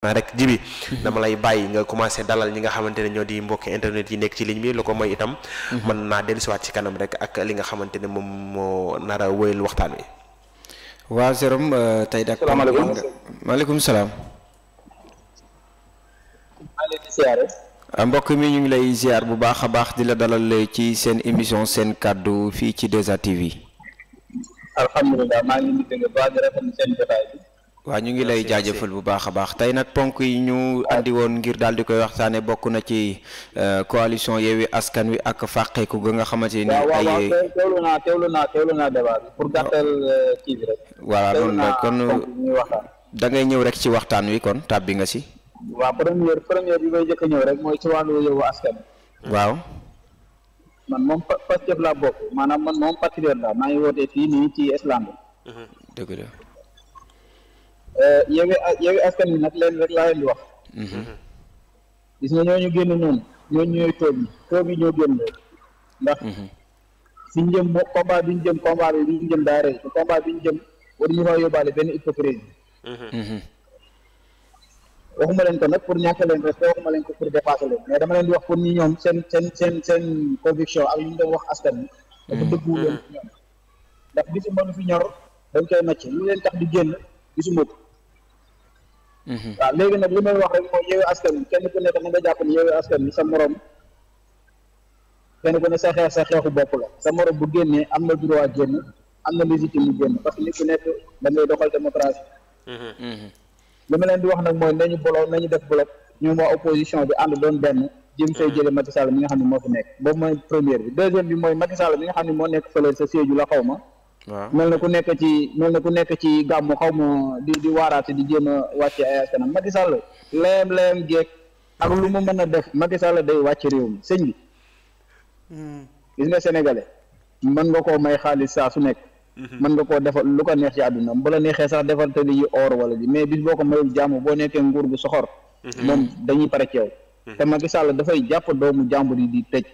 na rek mhm. dama lay bàyyi nga commencé dalal ñi nga xamante ne ñoo di mbokki internet yi nekk ci ligne bi lu ko mooy itam mhm. mën naa dellu siwaat ci kanam rek ak li nga xamante ne moom moo nar a waxtaan wi waaw Jérôme euh, tey dak maaleykum salaam ah, mbokk mi ñu ngi lay ziar bu baax a baax di la dalal ci seen émission seen kàddu fii ci 2A TV waaw ñu ngi lay jaajëfal bu baax a baax tey nag ponk yi ñu andi woon ngir daal di koy waxtaane bokk na ci euh, coalition Yewwi Askan Wi ak fàqeeku ga nga xamante ni pour gàttal euh, kii kon da ñëw rek ci waxtaan wi kon tàbbi nga si waaw première première bi may jëkk ñëw rek mooy ci wàllu Yewwi Askan Wi waaw man moom Pastef laa bokk maanaam man moom wootee fii nii ci islam dëgg Eh, yeewi yeewi askan wi nag leen rek laa leen di wax mhm. gis nga ñooñu génn noonu ñooñu ñooy tóob yi tóob yi ñoo génn ndax mhm. bi ñu jëm combat bi daa rëy bi ñu jëm waruñu fa yóbbaale benn hypocrisie mhm. waxuma leen ko nag pour ñàkk leen respect waxuma leen ko pour dépasser mais dama leen di wax pour ñi seen seen seen seen conviction ak ñu doon wax askan bi dafa dëggu leen fi ñor dañ koy macc lu leen tax di génn gisuma ko Mm-hmm. waaw léegi nag li may wax rek mooy yeewu askan wi kenn ku nekk na nga jàpp ne yeewu askan wi sa morom kenn ku ne sa xeex sa xeexu bopp la sa morom bu génnee am na droit génn am na légitime mu génn parce que nit ku nekk da ngay doxal démocratie mm-hmm. Mm-hmm. li ma leen di wax nag mooy nañu boloo nañu def bloc ñoom waa opposition bi ànd doon benn jëm fay jële Macky Sall mi nga xam ne moo fi nekk boobu mooy première bi deuxième bi mooy Macky Sall mi xam ne moo nekk fële sa siège la xaw mel na ku nekk ci mel na ku nekk ci gàmmu xaw ma di di waaraate di jéem wàcce ay askanam Macky Sall leem leem ak lu mu mën a def Macky Sall day wàcc réew mi sëñ bi hmm. gis nga sénégalais mën nga koo may xaalis saa su nekk hmm. mën nga koo defal lu ko neex ci àdduna bu la neexee sax defal te yi or wala bi mais bis boo ko mayul jàmm boo nekkee nguur gu soxor hmm. moom dañuy pare ci yow te Macky dafay jàpp doomu jàmbur yi di tëj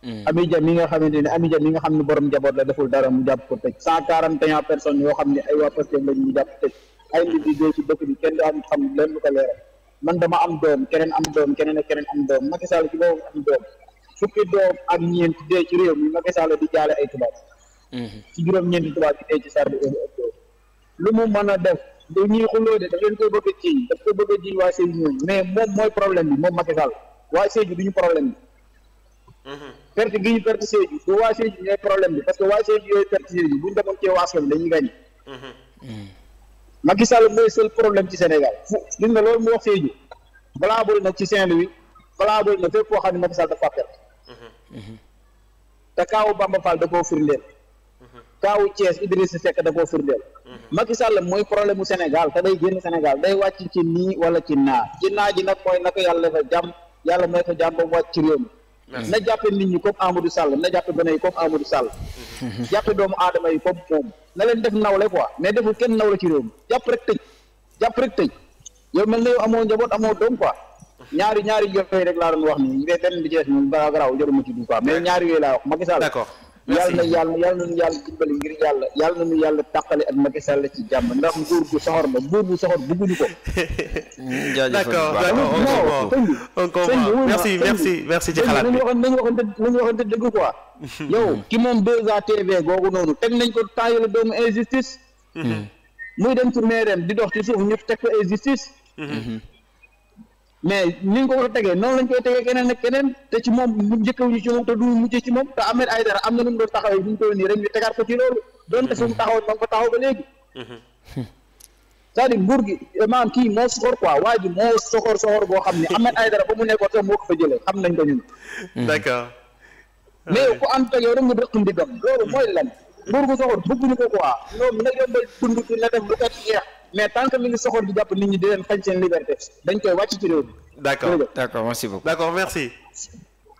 Mm. Ami jam mi nga xamante ne Ami Dia mi nga xam ne borom njaboot la deful dara mu jàpp ko tëj cent quarante et yoo xam ne ay waa Pastef lañ ñu jàpp tëj ay nit di dee ci dëkk bi kenn du am xam leen lu ko leeral man dama am doom keneen am doom keneen am doom Macky Sall ci boobu am doom fukki doom ak ñeent dee ci réew mi Macky Sall di jaale ay tubaab mm-hmm. ci juróom-ñeenti tubaab bi dee ci sarbi lu mu mën a def lu ñuy xuloo de daf leen koy bëgg a jiñ daf koy bëgg a jiñ waa bi moom Macky Sall waa Sédhiou du ñu problème perte gi ñu perte Sédhiou du waa Sédhiou ñooy problème bi parce que waa Sédhiou yooyu perte Sédhiou bu ñu demoon ci waa Sédhiou dañuy gagné. Mm-hmm. Macky mooy seul balaa bëri na ci Saint-Louis balaa bëri na fépp koo xam ne Macky Sall dafa perte. Mm-hmm. Mm-hmm. te Kaawu Bamba Fall da koo firndeel. Kaawu Thiès Idrissa Seck da koo firndeel. Macky Sall mooy problème mu Sénégal te day génn Sénégal day wàcc ci nii wala ci naa ci naa ji nag mooy naka yàlla dafa jàmm yàlla may ko jàmm ba mu wàcc na jàppe nit ñi comme Amadou Sall na jàppe gone yi comme Amadou Sall mhm. jàppe doomu aadama yi comme moom na leen def nawle ko mais deful kenn nawle ci réew mi jàpp rek tëj jàpp rek tëj yow mel na yow amoo njaboot amoo doom quoi ñaari ñaari yooyu rek laa doon wax nii mais benn bi ci des ñun garaaw jaruma ci du quoi mais ñaari yooyu laa wax Macky yàlla na yàlla yàlla nañu yàlla dimbali ngir yàlla yàlla nañu yàlla tàqale ak Macky Sall ci jàmm ndax nguur gu soxor la nguur gu soxor bëgguñu ko. d'accord d'accord on comprend merci merci merci ci xalaat bi nañu waxoon nañu waxoon nañu waxoon dëgg quoi. yow ki moom 2A TV googu noonu teg nañ ko taayale doomu injustice. muy dem ci maireem di dox ci suuf ñu teg ko injustice. mais ni nga ko ko tegee noonu lañ koy tegee keneen ak keneen te ci moom mu njëkkewuñu ci moom te du mujj ci moom te Ahmed Aïdara am na nu mu doon taxawee bu ñu nii ko ci loolu donte suñu taxawoon ba nga ko taxaw ba léegi mm-hmm. c'est-à-dire gi maanaam kii moo soxor quoi waa ji moo soxor soxor xam ne Ahmed Aïdara ba mu nekkoon sax moo ko fa jëlee xam nañ ko ñun mm-hmm. d'accord mais yow ku am teg yow rek nga dëkk ndigam loolu mooy lan nguur gu soxor bëgguñu ko quoi ñoom na yombal dund na def lu ko neex mais tant que mi ngi soxor di jàpp nit ñi di leen xañ seen liberté dañ koy wàcc ci réew mi. d'accord d'accord merci beaucoup. d'accord merci.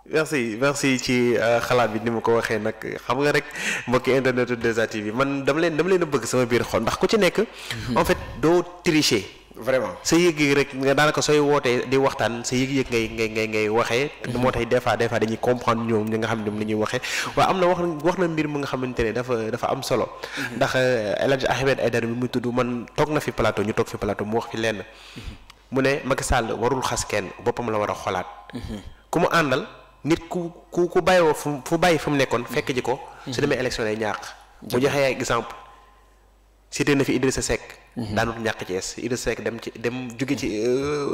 merci merci ci euh, xalaat bi ni ma ko waxee nag xam nga rek mbokki internet 2A bi man dama leen dama leen a bëgg sama biir xol ndax ku ci nekk. Mhm. en fait doo tricher. vraiment sa yëg-yëg rek nga daanaka sooy wootee di waxtaan sa yëg-yëg ngay ngay ngay ngay waxee mhm. moo tax des fois des dañuy comprendre ñoom ñi nga xam ne ñuy waxee waaye am na wax wax na mbir mu nga xamante ne dafa dafa am solo mhm. ndax eh, El Hadj Ahmed Aïdara bi mu tudd man toog na fi plateau ñu toog fi plateau mu wax fi lenn mhm. mu ne Macky Sall warul xas kenn boppam la war a xolaat ku mu àndal nit ku ku ku bàyyiwoo fu fu bàyyi fu mu nekkoon fekk ji ko su demee élection lay joxee exemple cité na fi Idrissa Seck. Mhm. daanut ñàkk Thiès Idrissa Seck dem ci dem jóge ci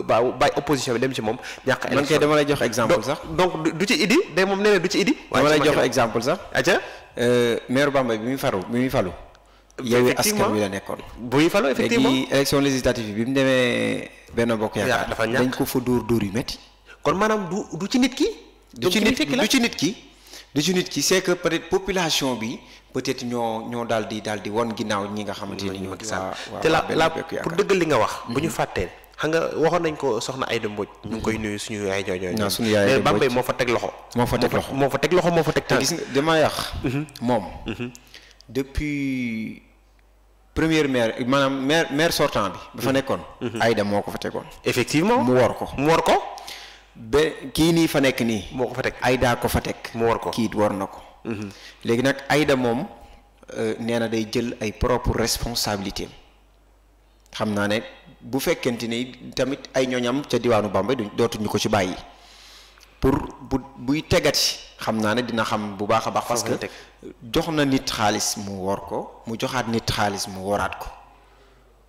ba euh, bàyyi opposition bi dem ci moom. ñàkk man kay dama lay jox exemple sax. donc du ci Idi day moom nee na du ci Idi. dama lay jox exemple sax. atia. Ah, euh, maire Bambey bi muy faru bi muy falu. yow askan wi la nekkoon. bu muy falu effectivement léegi élection bi mu demee benn bokk yaakaar. dafa ñàkk dañ ko fa dóor dóor yi métti. kon maanaam du du ci nit du ci nit ki du ci nit ki. li ci nit ki c'est que peut-être population bi peut ñoo ñoo daal di daal di won ginnaaw ñi nga xamante ni ñoo te la la pour dëggal li nga wax bu ñu mm-hmm. fàttee xam nga waxoon nañ ko soxna Aïda Mbodj ñu ngi koy nuyu suñu yaay ñooñoo suñu yaay Bambey moo fa teg loxo moo fa teg loxo moo fa teg loxo moo fa te gis nga dama yàq mm-hmm. moom mm-hmm. depuis première maire maanaam maire maire sortant bi ba fa nekkoon Aïda moo ko fa tegoon effectivement mu war ko mu wor ko ba kii nii fa nekk nii. moo ko fa teg Aida ko fa teg. mu war ko kii war na ko. Mm-hmm. léegi nag ayda moom euh, nee na day jël ay propre responsabilité xam naa ne bu fekkente ni tamit ay ñooñam ca diwaanu Bambey dootuñu ko ci bàyyi pour bu buy tegati xam naa ne dina xam bu baax a baax. parce que jox na nit xaalis mu wor ko mu joxaat nit xaalis mu woraat ko.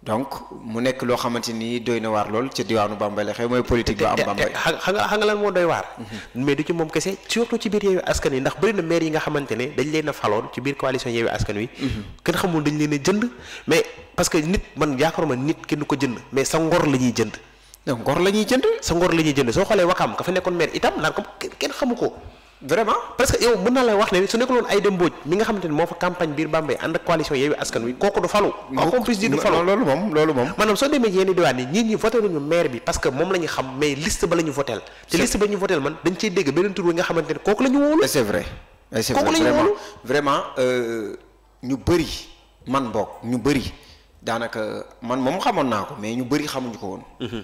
donc mu nekk loo xamante nii doy na waar lool ca diwaanu Bambey xew mooy politique ba am Bambey xam nga xam nga lan moo doy waar mhm. mais du ci moom kese surtout ci biir Yewwi Askan Wi ndax bëri na maire yi nga xamante ne dañ leen a faloon ci biir coalition Yewwi Askan Wi mhm. kenn xamul dañ leen a jënd mais parce que nit man yaakaaruma nit kenn ko jënd mais sa ngor la ñuy jënd ngor la ñuy jënd sa ngor la ñuy jënd soo xoolee Wakam ka fa nekkoon maire itam naan ko kenn xamu ko vraiment parce que yow mën naa lay wax ne su nekkuloon Aïda Mbodj mi nga xamante ni moo fa campagne biir Bambey ànd ak coalition Yewwi Askan Wi kooku du falu moom loolu moom maanaam soo demee yenn diwaan yi ñii ñi voté maire bi parce moom la xam mais liste ba la ñu te liste ba la ñu votel man dañ cey dégg beneen tur wi nga xamante ni kooku ñu wóolu kooku la ñu euh, ñu bëri man boog ñu bëri daanaka man moom xamoon naa ko mais ñu bëri xamuñu ko woon mhm.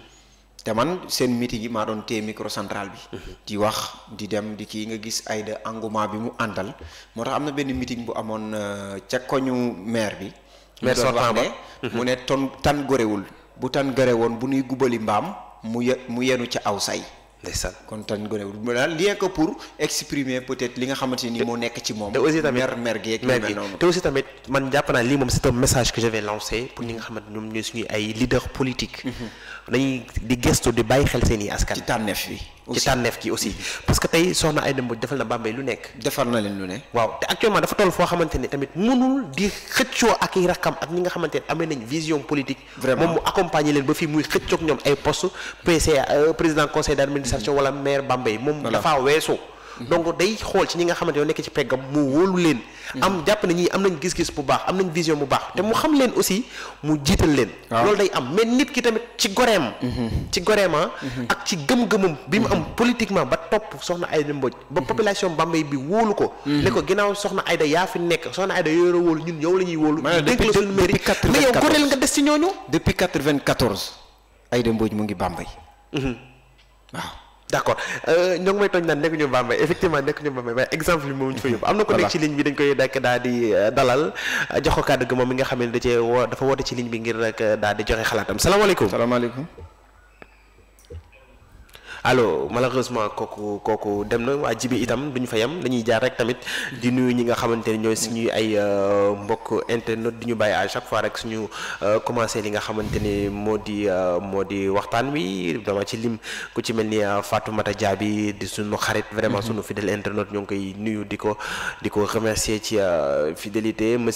te man seen meeting yi maa doon téye micro central bi. di wax di dem di kii nga gis ayda de bi mu àndal moo tax am na benn meeting bu amoon euh, ca koñu maire bi. maire sortant ba mu ne ton tan gorewul bu tan gore woon bu nuy gubali mbaam mu ye mu yenu ca aw say. ndeysaan kontaan gone bu daal rien que pour exprimer peut-être li nga xamante ni moo nekk ci moom. te aussi tamit mer mer gi te man jàpp naa lii moom c'est un message que je lancer pour ñi nga xamante ñoom ñooy suñuy ay leader politique. Mhm. dañuy di gestu di bàyyi xel seen i askan. ci tànneef bi. ci tànneef gi aussi parce que tey soxna Aïda Mbodj defal na Bambey lu nekk. defar na leen lu ne. waaw te actuellement dafa toll foo xamante ni tamit mënul di xëccoo ak i rakam ak ñi nga xamante ne amee nañ vision politique. vraiment moom mu accompagner leen ba fii muy xëccoog ñoom ay poste PCA euh, président conseil d' administration wala maire Bambey moom dafa weesu. donc day xool ci ñi nga xamante yoo nekk ci peggam mu wóolu leen am jàpp ne am nañ gis-gis bu baax am nañ vision bu baax te mu xam leen aussi mu jiital leen loolu day am mais nit ki tamit ci goreem mhm. ci goreem ah. mhm. ak ci gëm-gëmam bi mu am mhm. politiquement ba topp soxna Aïda Mbodj ba population Bambey bi wóolu ko ne ko ginnaaw soxna Aïda yaa fi nekk soxna Aïda yooyu la wóolu ñun yow la ñuy wóolu dénk la suñu mairie mais yow goreel nga des ci ñooñu depuis 94 Aïda Mbodj mu ngi Bambey waaw d' accord euh, ñoo ngi may tooñ naan nekk ñu Bambey effectivement nekk ñu Bambey exemple bi moom ñu fa yóbbu am na ko nekk ci ligne bi dañ koy rek daal di euh, dalal euh, jox ko kàddu gi moom mi nga xam ne da cee woo dafa woote ci ligne bi ngir rek daal di joxe xalaatam salaamaaleykum salaamaaleykum alo malheureusement kooku kooku dem na waa jibi itam duñu fa yem dañuy jaar rek tamit di nuyu ñi nga xamante ne ñooy suñuy ay euh, mbokk internet di ñu bàyyi à chaque fois rek suñu euh, commencé li nga xamante ni moo di euh, moo di waxtaan wi dama ci lim ku ci mel ni Fatoumata Diaby di suñu xarit vraiment mhm. suñu fidèle internet ñoo ngi koy nuyu di ko di ko remercier ci ma